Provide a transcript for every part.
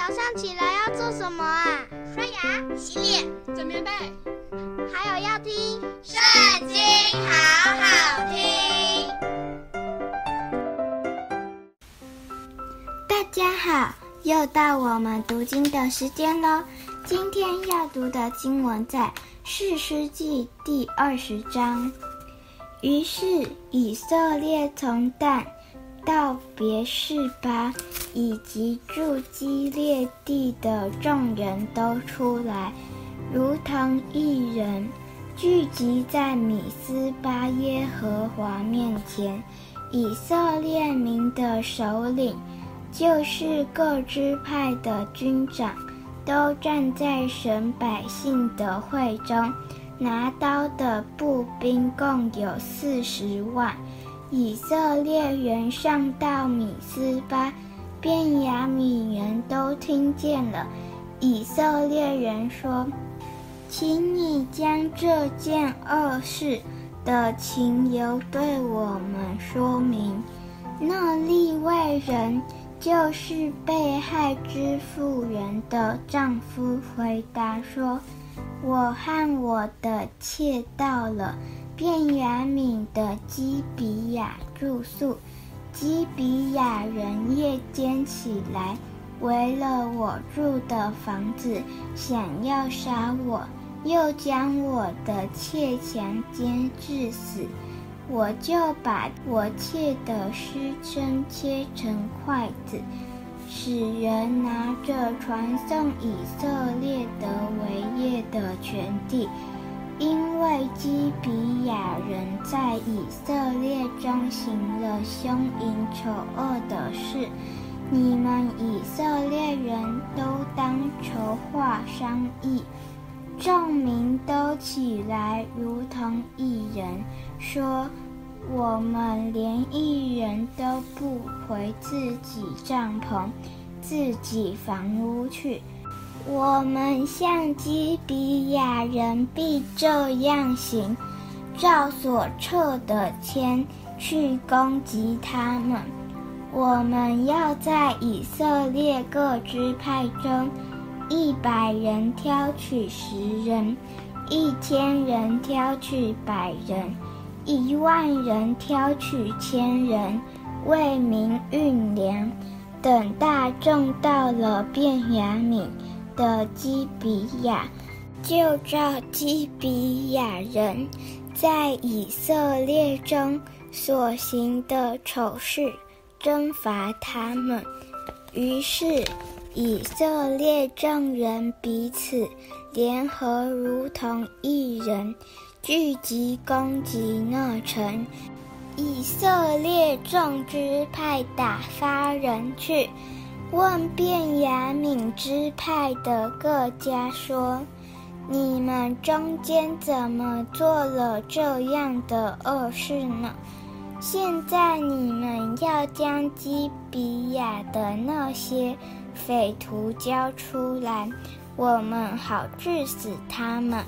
早上起來要做什麼啊？刷牙、洗臉、準備被，還有要聽《聖經》，好好聽。大家好，又到我們讀經的時間了。今天要讀的經文在《士師記》第二十章。於是以色列從但，到別是巴，以及住基列地的眾人都出來，如同一人，聚集在米斯巴耶和華面前。以色列民的首領，就是各支派的軍長，都站在神百姓的會中。拿刀的步兵共有四十萬。以色列人上到米斯巴，便雅憫人都聽見了。以色列人說：“請你將這件惡事的情由對我們說明。”那利未人，就是被害之婦人的丈夫，回答說：“我和我的妾到了。”便雅憫的基比亞住宿，基比亞人夜間起來，圍了我住的房子，想要殺我，又將我的妾強姦致死。我就把我妾的屍身切成塊子，使人拿着傳送以色列得為業的全地。因為基比亞人在以色列中行了兇淫醜惡的事，你們以色列人都當籌劃商議。眾民都起來如同一人，說：我們連一人都不回自己帳篷、自己房屋去。我們向基比亞人必這樣行，照所掣的籤去攻擊他們。我們要在以色列各支派中，一百人挑取十人，一千人挑取百人，一萬人挑取千人，為民運糧。等大眾到了便雅憫。的基比亞，就照基比亞人，在以色列中所行的醜事，征伐他們。於是，以色列眾人彼此聯合，如同一人，聚集攻擊那城。以色列眾支派打發人去。問便雅憫支派的各家說：“你們中間怎麼做了這樣的惡事呢？現在你們要將基比亞的那些匪徒交出來，我們好治死他們，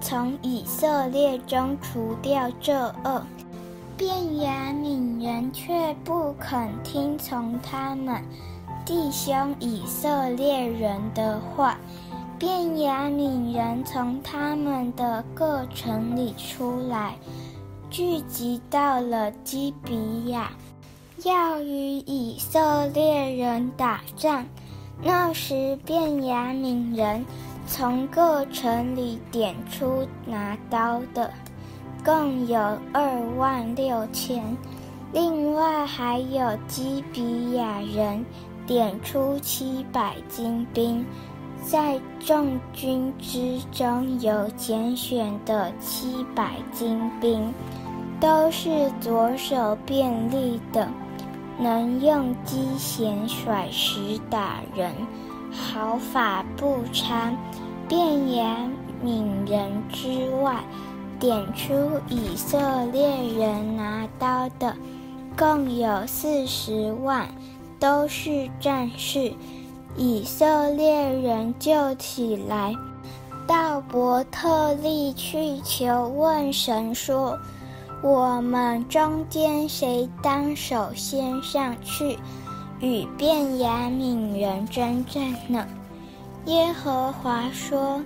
從以色列中除掉這惡。”便雅憫人卻不肯聽從他們，弟兄以色列人的話。便雅憫人從他們的各城裡出來，聚集到了基比亞，要與以色列人打仗。那時便雅憫人從各城裡點出拿刀的，共有二萬六千，另外還有基比亞人點出七百精兵。在眾軍之中有揀選的七百精兵，都是左手便利的，能用機弦甩石打人，毫髮不差。便雅憫人之外，點出以色列人拿刀的，共有四十萬，都是戰士，以色列人就起來，到伯特利去求問神，說：“我們中間誰當首先上去與便雅憫人爭戰呢？”耶和華說：“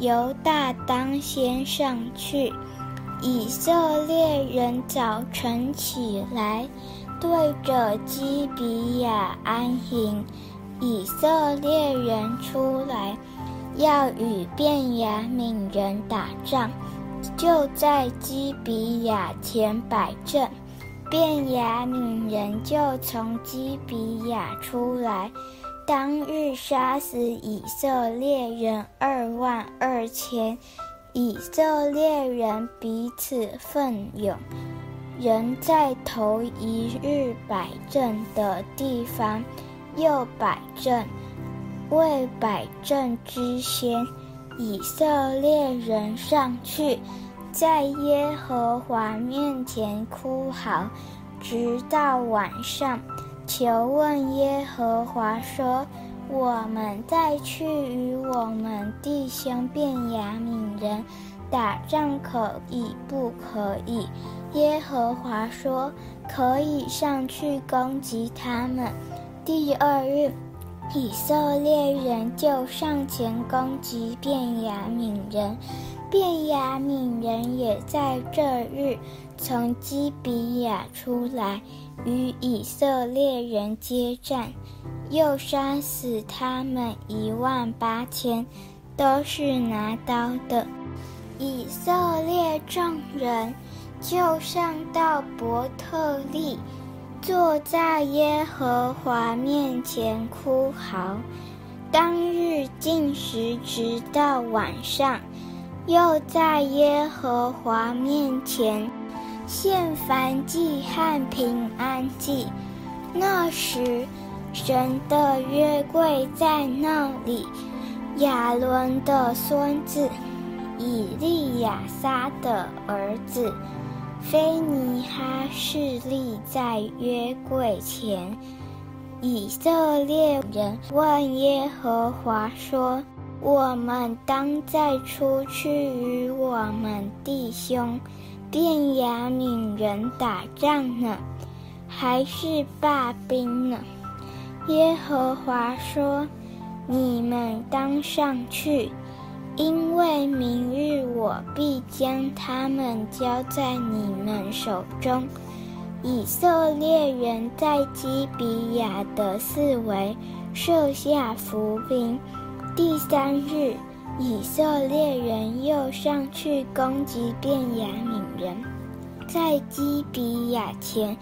猶大當先上去。”以色列人早晨起來。對着基比亞安營，以色列人出來，要與便雅憫人打仗，就在基比亞前擺陣，便雅憫人就從基比亞出來，當日殺死以色列人二萬二千，以色列人彼此奮勇。人在頭一日擺陣的地方，又擺陣。未擺陣之先，以色列人上去，在耶和華面前哭號，直到晚上，求問耶和華說：“我們再去與我們弟兄便雅憫人打仗，可以不可以？”耶和華說：“可以上去攻擊他們。”第二日，以色列人就上前攻擊便雅憫人，便雅憫人也在這日從基比亞出來與以色列人接戰，又殺死他們一萬八千，都是拿刀的。以色列眾人，就上到伯特利，坐在耶和華面前哭號，當日禁食，直到晚上，又在耶和華面前獻燔祭和平安祭。那時，神的約櫃在那裡。亞倫的孫子以利亞撒的兒子。非尼哈侍立在約櫃前，以色列人問耶和華說：“我們當再出去與我們弟兄便雅憫人打仗呢，還是罷兵呢？”耶和華說：“你們當上去。”因為明日我必將他們交在你們手中。以色列人在基比亞的四圍設下伏兵。第三日，以色列人又上去攻擊便雅憫人，在基比亞前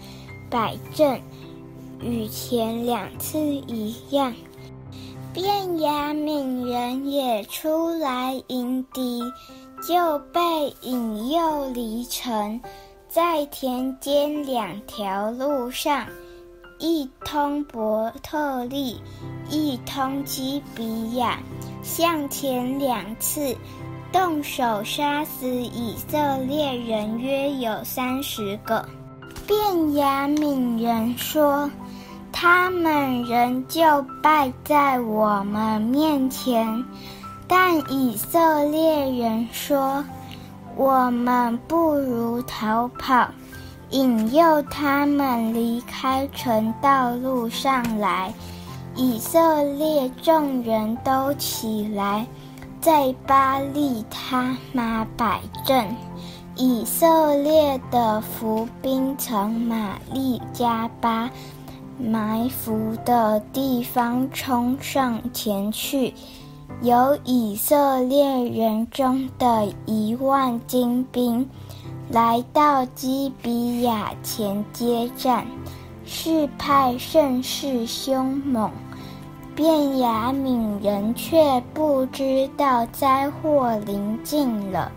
擺陣，與前兩次一樣。便雅憫人也出來迎敵，就被引誘離城，在田間兩條路上，一通伯特利，一通基比亞，像前兩次，動手殺死以色列人約有三十個。便雅憫人說。他們仍舊敗在我們面前，但以色列人說：“我們不如逃跑，引誘他們離開城到路上來。”以色列眾人都起來，在巴力他瑪擺陣。以色列的伏兵從馬利迦巴。埋伏的地方衝上前去，有以色列人中的一萬精兵來到基比亞前接戰，勢派甚是凶猛。便雅憫人卻不知道災禍臨近了。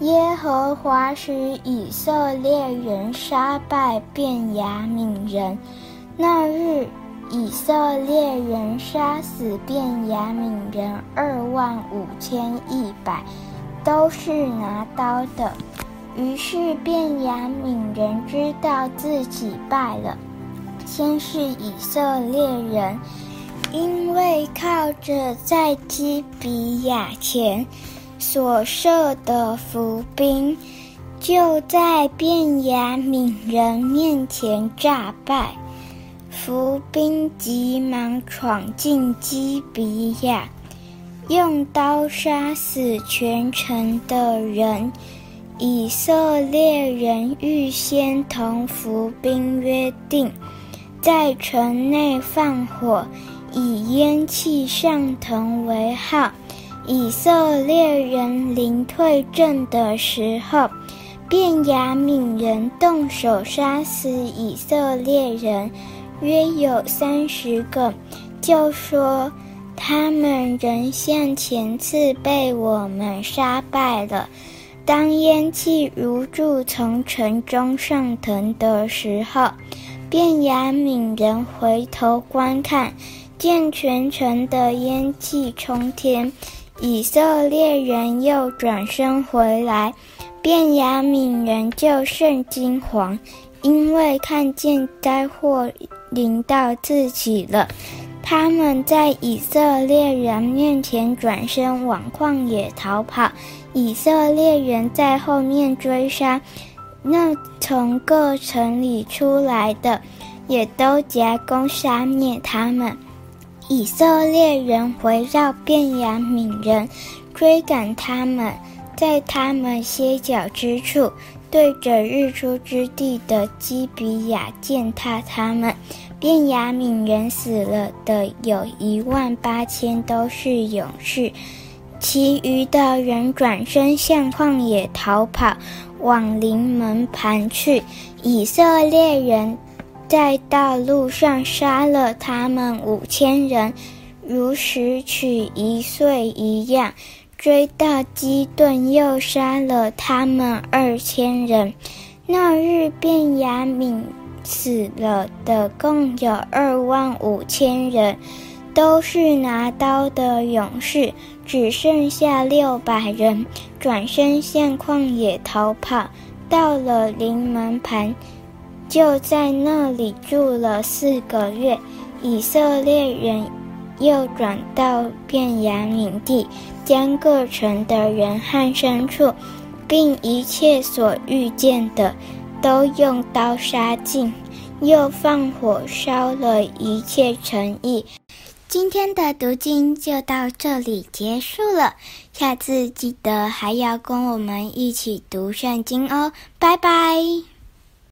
耶和華使以色列人殺敗便雅憫人。那日，以色列人殺死便雅憫人二萬五千一百，都是拿刀的。於是便雅憫人知道自己敗了。先是以色列人，因為靠着在基比亞前所設的伏兵，就在便雅憫人面前詐敗。伏兵急忙闖進基比亞，用刀殺死全城的人。以色列人預先同伏兵約定，在城內放火，以煙氣上騰為號。以色列人臨退陣的時候，便雅憫人動手殺死以色列人。約有三十個，就說他們仍像前次被我們殺敗了。當煙氣如柱從城中上騰的時候，便雅憫人回頭觀看，見全城的煙氣沖天，以色列人又轉身回來，便雅憫人就甚驚惶，因為看見災禍。臨到自己了，他們在以色列人面前轉身往曠野逃跑，以色列人在後面追殺。那從各城裡出來的，也都夾攻殺滅他們。以色列人圍繞便雅憫人，追趕他們，在他們歇腳之處。對着日出之地的基比亞踐踏他們，便雅憫人死了的有一萬八千，都是勇士，其餘的人轉身向曠野逃跑，往臨門磐去。以色列人在道路上殺了他們五千人，如拾取遺穗一樣。追到基頓，又殺了他們二千人。那日便雅憫死了的共有二萬五千人，都是拿刀的勇士，只剩下六百人，轉身向曠野逃跑。到了臨門磐，就在那裡住了四個月。以色列人，又轉到便雅憫地，將各城的人和牲畜，並一切所遇見的，都用刀殺盡，又放火燒了一切城邑。今天的讀經就到這裡結束了，下次記得還要跟我們一起讀聖經哦，拜拜。